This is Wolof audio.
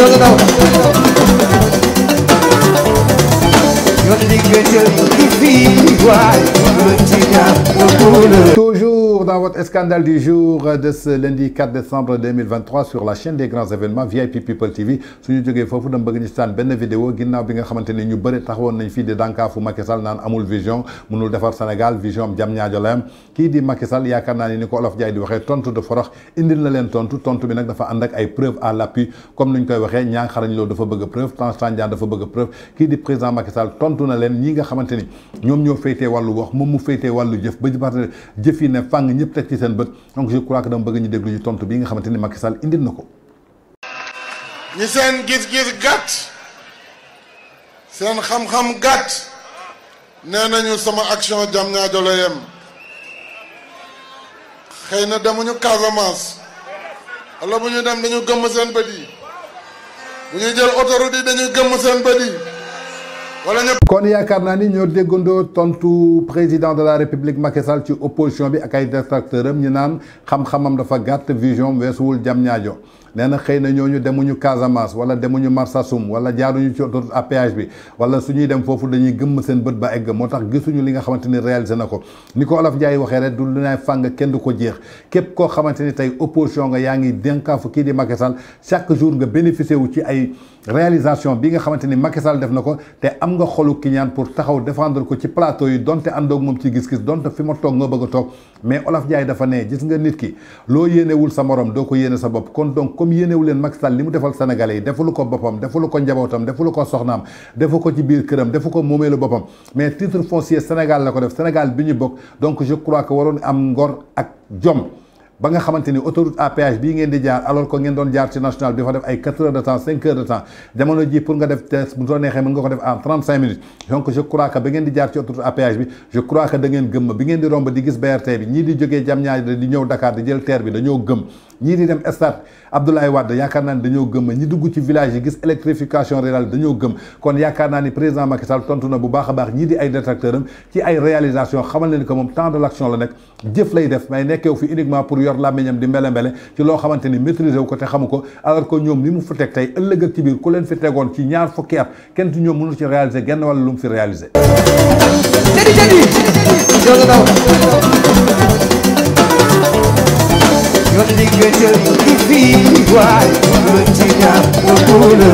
não, não, não. Toujours dans votre scandale du jour de ce lundi 4 décembre 2023 sur la chaîne des grands événements VIP People TV suñu jógee foofu dama bëgg ñu saan benn vidéo ginnaaw bi nga xamante ne ñu bëri taxawoon nañ fii de dànkaafu Macky Sall naan amul vision mënul defar Sénégal vision am Qui dit layam kii di Macky Sall yaakaar naa ne ni ko Olof Diaye di tontu de forox indil na leen tontu tontu bi nag dafa ànd ay preuve à l'appui comme ni ñu koy waxee ñaa xarañ loolu dafa bëgg preuve Tange Tandian dafa bëgg preuve kii di président Macky Sall tontu na leen ñii nga xamante ni ñoom ñoo féetee wàllu wax moom mu féetee wàllu jëf ba par jëf yi ne fàng ñëpp teg ci seen bët donc je crois que dama ñu déglu ñu tontu bi nga xamante ni Macky Sall na ko. ñi seen gis-gis gàtt seen xam-xam gàtt nee nañu sama action jam nga la yem xëy na demuñu Casamance wala bu dem dañu gëmm seen bët yi bu ñu jël autoroute dañu gëmm seen bët yi. kon yaakaar naa ni ñoo déggandoo tontu président de la république Macky Sall ci opposition bi ak ay détracteurs am ñu naan xam-xamam dafa gàtt vision weesuwul jam ñaajo nee na xëy na ñu demuñu Casamance wala demuñu Marsassoum wala jaaruñu ci autoroute à péage bi wala suñuy dem foofu dañuy gëmm seen bët ba egg moo tax gisuñu li nga xamante ni réalisé na ko ni ko Olof Ndiaye waxee rek du lu naay fàng kenn du ko jeex képp koo xamante ni tey opposition nga yaa ngi dénkaafu kii di Macky Sall jour nga bénéficié wu ci ay réalisation bi nga xamante ni Macky def na ko am nga xolu kiñaan pour taxaw défendre ko ci plateau yi donte àndoog moom ci gis-gis donte fi ma toog nga bëgg a toog mais Olof Ndiaye dafa ne gis nga nit ki loo yéenewul sa moroom doo ko yéene sa bopp kon donc comme yéenewu leen Macky Sall li mu defal Sénégalais yi defalu ko boppam defalu ko njabootam defalu ko soxnaam defu ko ci biir këram defu ko moomeelu boppam mais titre foncier Sénégal la ko def Sénégal bi ñu bokk donc je crois que waroon am ngor ak jom ba nga xamante ni autoroute à péage bii ngeen di jaar alors que ngeen doon jaar ci national bi fa def ay quatre heures de temps cinq heures de temps jamono ji pour nga def test bu soo neexee mën nga ko def en trente cinq minutes donc je crois que ba ngeen di jaar ci autoroute à péage bi je crois que da ngeen bi ngeen di romb di gis BRT bi ñii di jógee Diamniadio di ñëw Dakar di jël TER bi dañoo gëm ñii di dem stade Abdoulaye Wade yaakaar naa ni dañoo gëm ñi dugg ci village yi gis électrification rurale dañoo gëm kon yaakaar naa ni président Macky Sall tontu na bu baax a baax ñii di ay détracteur am ci ay réalisation xamal leen que moom temps de l'action la nekk jëf lay def mais nekkeew fi uniquement pour yor làmmiñam di mbele mbele ci loo xamante ni maîtriser ko te xamu ko alors que ñoom li mu fa teg tey ëllëg ak ci biir ku leen fi tegoon ci ñaar fukki at kenn ci ñoom mënul ci réaliser genn wala lu li nga jël di fii waay lu ci ñaar nga